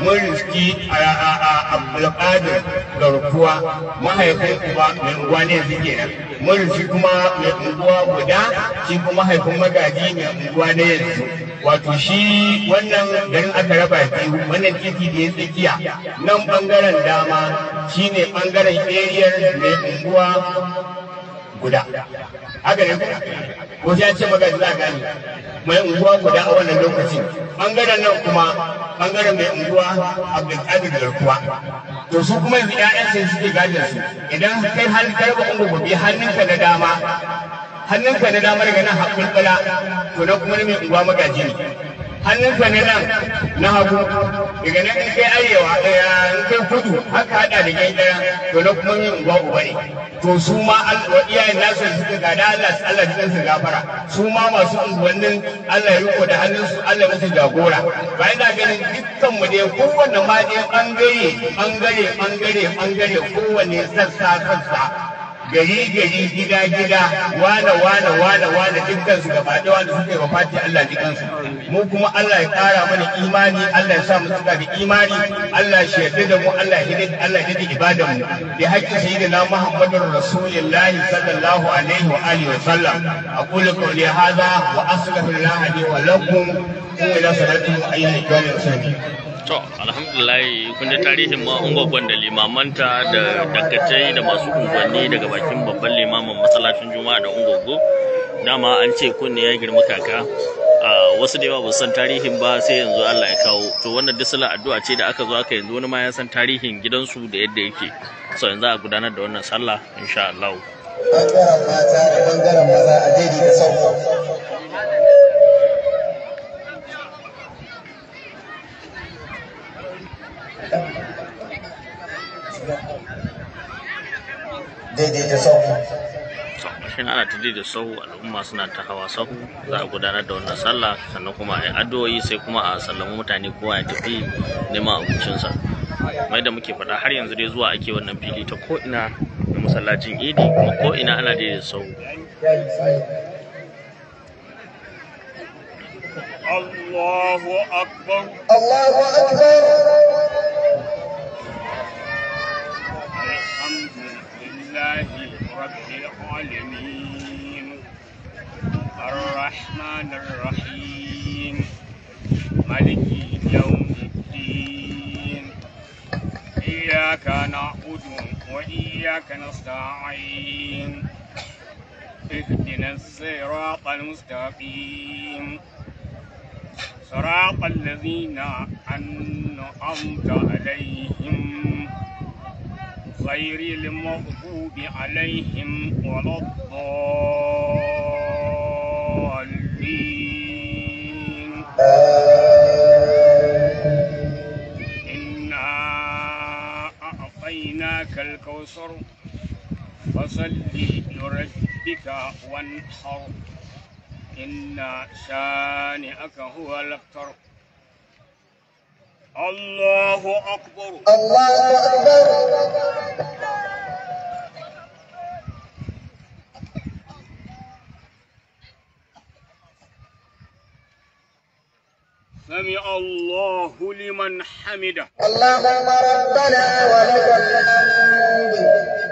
mun riski a Abdulkadir da rukuwa mahaifin kuma mai unguwa ne yanzu kenan mun riski kuma mai unguwa guda shi kuma mahaifin magaji mai unguwa ne yanzu wato shi wannan garin aka raba biyu wannan titi da ya tsakiya nan bangaren dama shine bangaren ariyar mai unguwa guda haka ne ko ya ce maka za gani mai unguwa guda a wannan lokacin bangaren nan kuma bangaren mai unguwa abdulkadir garkuwa to su kuma yanzu sai suke gadin su idan kai har karba unguwa gobe hannunka na dama hannunsa na damar ganin haƙun hakulkula to na kuma mai unguwa magaji ne hannunsa na nan na hagu daga nan in kai arewa eh, in kai kudu haka haɗa da gai ɗaya to na kuma mai unguwa uba ne to su ma iyayen nasu da suka gada Allah Allah jikan su gafara su ma masu unguwannin Allah ya riko da hannunsu Allah musu jagora ba ina ganin dukkan mu dai kowanne ma dai ɓangare ɓangare ɓangare kowanne sassa sassa gari gari gida gida wane wane wane wane dukkan su gaba da wanda suka yi wa fati Allah ji kansu mu kuma Allah ya kara mana imani Allah ya sa mu suka da imani Allah ya shaida da mu Allah ya hidda Allah ya hidda mu bi haƙƙin sayyidina Muhammadur Rasulullahi sallallahu alaihi wa alihi wa sallam aqulu qawli hadha wa astaghfirullaha li wa lakum wa ila salatihi ayyuhal muslimin To, alhamdulillah kun da tarihin ma ungwagwan da limamanta da dakatai da masu unguwanni daga bakin babban limamin masallacin juma'a da ungogo Dama an ce kunne ya girma kaka. wasu da yawa ba san tarihin ba sai yanzu Allah ya kawo. To wannan duk sala addu'a ce da aka zo aka yanzu wani ma ya san tarihin gidansu da yadda yake. So yanzu a gudanar da wannan sallah insha Allah. Bangaren mata da bangaren maza a da sauko. daidaita sahu shin ana ta da sahu al'umma suna ta hawa sahu za a gudanar da wannan sallah sannan kuma a yi addu'o'i sai kuma a sallamu mutane kowa ya tafi neman abincinsa mai da muke faɗa har yanzu dai zuwa ake wannan fili ta ko'ina na masallacin idi kuma ko'ina ana da sahu الله أكبر الله أكبر الحمد لله رب العالمين الرحمن الرحيم ملك يوم الدين إياك نعبد وإياك نستعين اهدنا الصراط المستقيم صراط الذين أنعمت عليهم غير المغضوب عليهم ولا الضالين إنا أعطيناك الكوثر فصل لربك وانحر إن شانئك هو الأبتر الله أكبر الله أكبر سمع الله لمن حمده اللهم ربنا ولك الحمد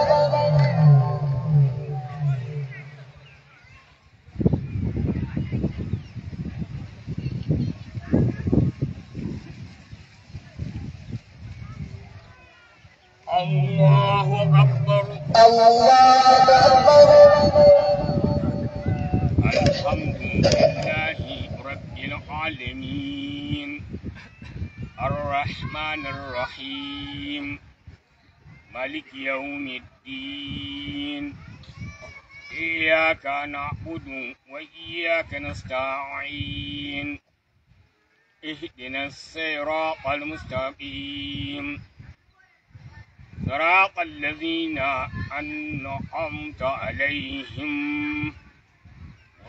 الله أكبر الله أكبر الحمد لله رب العالمين الرحمن الرحيم ملك يوم الدين إياك نعبد وإياك نستعين اهدنا الصراط المستقيم صراط الذين أنعمت عليهم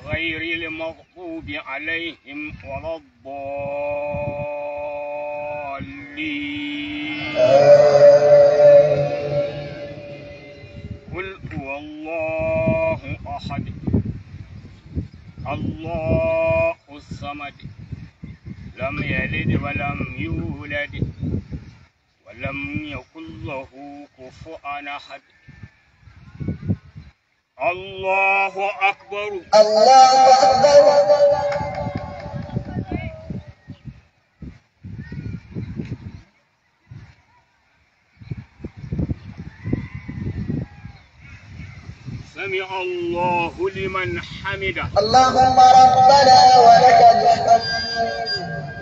غير المغضوب عليهم ولا الضالين قل هو الله أحد الله الصمد لم يلد ولم يولد ولم يكن له كفؤا أحد الله أكبر الله أكبر سمع الله لمن حمده اللهم ربنا ولك الحمد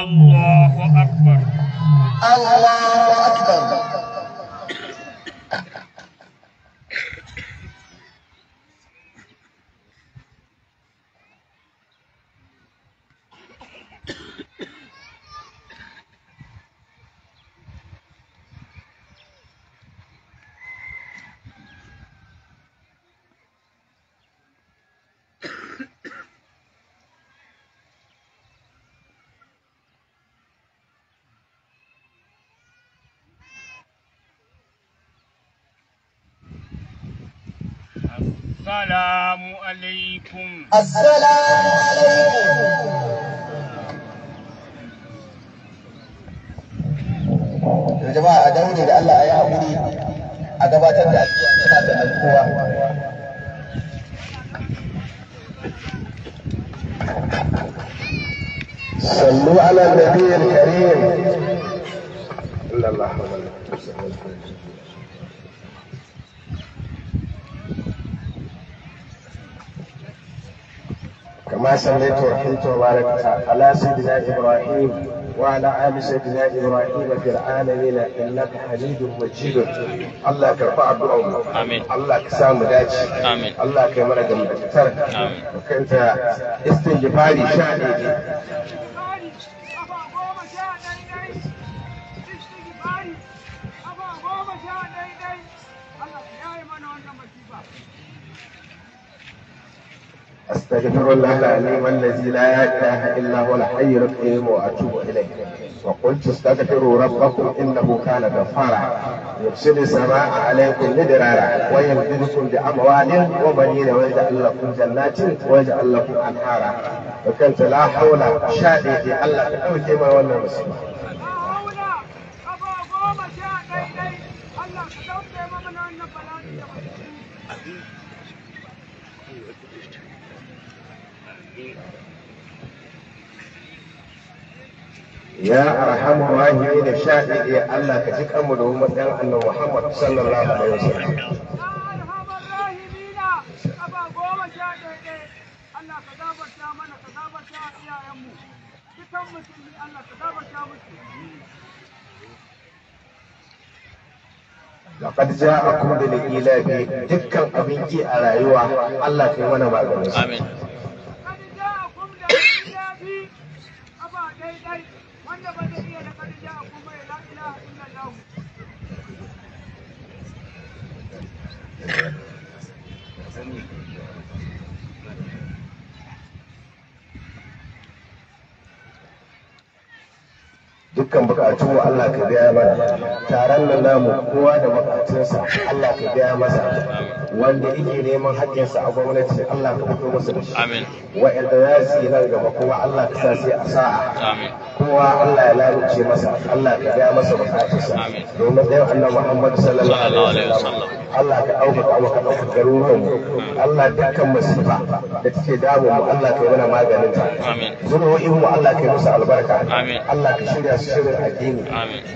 Allahu Akbar. Allahu Akbar. عليكم السلام عليكم يا جماعة أدعوني لألا أيها أبوني أدبات الدعاء كما صليت وحيت وباركت على سيدنا إبراهيم وعلى آل سيدنا إبراهيم في العالمين إنك حميد مجيد الله كرفع الدعوة آمين الله كسام داج آمين الله كمرة دمتر آمين وكنت استنجفاري شاهدي Thank you. أستغفر الله العليم الذي لا إله إلا هو الحي القيوم وأتوب إليه وقلت استغفروا ربكم إنه كان غفارا يرسل السماء عليكم مدرارا ويمددكم بأموال وبنين ويجعل لكم جنات ويجعل لكم أنهارا وكنت لا حول شادي الله تأوتي ما ولا مسلم ya arhamu rahimi da sha ɗaya Allah ka ji kanmu da matsayin annabi Muhammad sallallahu alaihi wasallam لقد جاءكم بالإيلاف دكا أبنجي على rayuwa, الله كي وانا بعد آمين Thank ya, you. dukkan bukatun Allah ka biya mana taron nan namu kowa da bukatunsa Allah ka biya masa wanda yake neman haƙƙinsa a gwamnati Allah ka fito masa da shi amin wa'anda za su nan gaba kuma Allah ka sa sai a sa'a amin kowa Allah ya masa Allah ka biya masa bukatunsa amin domin Allah Muhammad sallallahu alaihi wasallam Allah ka Allah dukkan masifa da take damu mu Allah ka yi mana maganin ta amin zuwa mu Allah ka yi musu albarka amin Allah ka shirya su saboda addini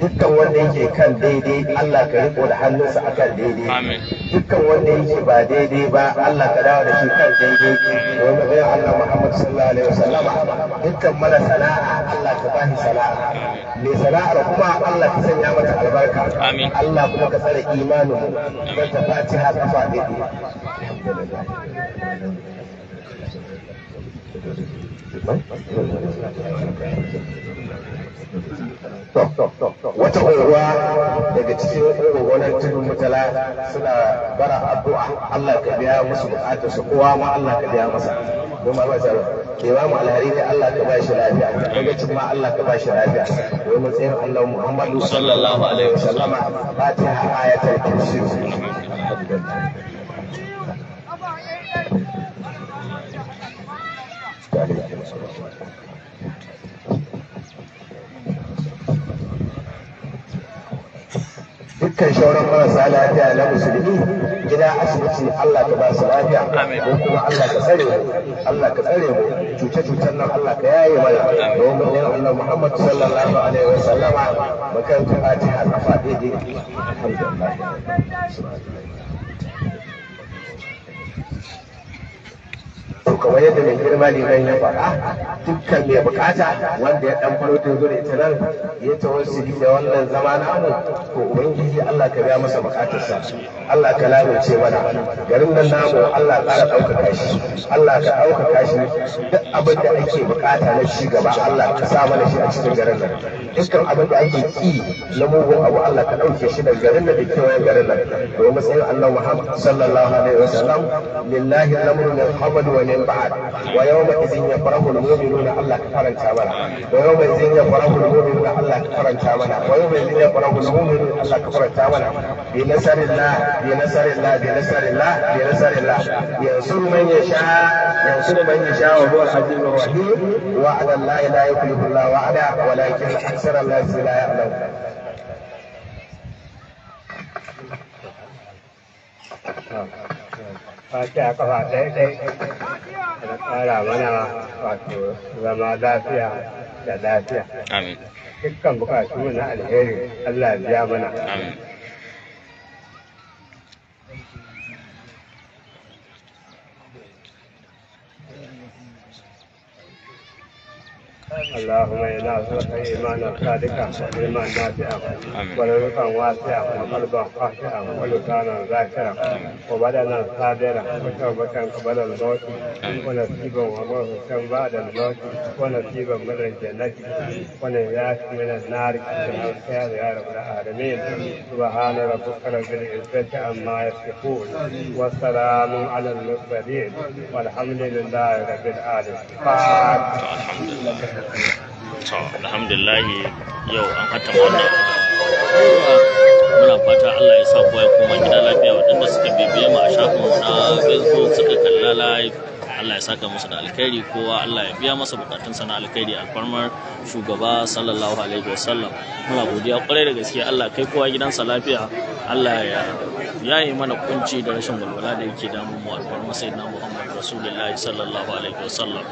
dukkan wanda yake kan daidai Allah ka riko da hannunsa akan daidai dukkan wanda yake ba daidai ba Allah ka dawo da shi kan daidai Allah Muhammad sallallahu alaihi wasallama dukkan sana'a Allah ka bani sana'a mai sana'ar kuma Allah ka sanya mata albarka Allah kuma ka tsare imanin don fatiha ta Thank you. wata unguwa daga cikin unguwannin tudun mutala suna bara addu'a Allah ka biya musu bukatar su kowa ma Allah ka biya masa don ma sa imamu alhari ne Allah ka ba shi lafiya daga cikin ma Allah ka ba shi lafiya wai matsayin Allah Muhammadu sallallahu alaihi wa wasallama fatiha ayatul kursi Thank you. dukkan shauran marasa lafiya na musulmi gida asibiti Allah ka ba su lafiya ko kuma Allah ka tsare mu Allah ka tsare mu cuce-cucen nan Allah ka yaye mana don mu ne Allah Muhammad sallallahu alaihi wa sallama makan ta fatiha al-fatiha alhamdulillah to kamar yadda mai girma liman ya faɗa dukkan mai bukata wanda ya dan faro zo da ita nan ya wasu da wannan zama namu wani ubangiji Allah ka biya masa bukatarsa Allah ka lalace mana garin nan namu Allah ƙara ɗaukaka shi Allah ka ɗaukaka shi duk abin da ake bukata na shi gaba Allah ka sa mana shi a cikin garin nan dukkan abin da ake ki na mugun abu Allah ka ɗauke shi daga garin nan da kewayen garin nan domin matsayin Allah Muhammad sallallahu alaihi wasallam lillahi al-amru min qabl wa min ba'd wa yawma idhin yafrahu al-mu'minuna Allah ka faranta mana wa yawma idhin yafrahu al-mu'minuna Allah ka faranta mana wa yawma idhin yafrahu al-mu'minuna Allah ka faranta mana bi nasarillah bi nasarillah bi nasarillah bi nasarillah yansuru man yasha yansuru man yasha wa huwa al-aziz ar-rahim wa 'ala Allah la yukhlifu Allah wa'ada walakin akthara an-nas la ya'lamun Thank you. fata kafa ɗaiɗai da ƙara mana wato zama lafiya da lafiya. Amin. Dukkan bukatu na alheri Allah ya biya mana. Amin. اللهم انا نسالك ايمانا صادقا وإيمانا نافعا ورزقا واسعا وقلبا خاشعا ولسانا ذاكرا وبدنا صابرا وتوبه قبل الموت ونصيبا وموتا بعد الموت ونصيبا من الجنه ونجاة من النار كما يا رب العالمين سبحان ربك رب العزه عما يصفون والسلام على المرسلين والحمد لله رب العالمين الحمد لله to alhamdulillahi yau an hatama wannan muna fata Allah ya sa kowa ya koma gida lafiya waɗanda suka bibiye mu a shafin na facebook suka kalla live Allah ya saka musu da alkhairi kowa Allah ya biya masa bukatun sana' alkhairi alfarmar shugaba sallallahu alaihi wasallam muna godiya kwarai da gaske Allah kai kowa gidansa lafiya Allah ya yaye mana kunci da rashin walwala da yake damu mu alfarmar sayyidina Muhammad rasulullahi sallallahu alaihi wasallam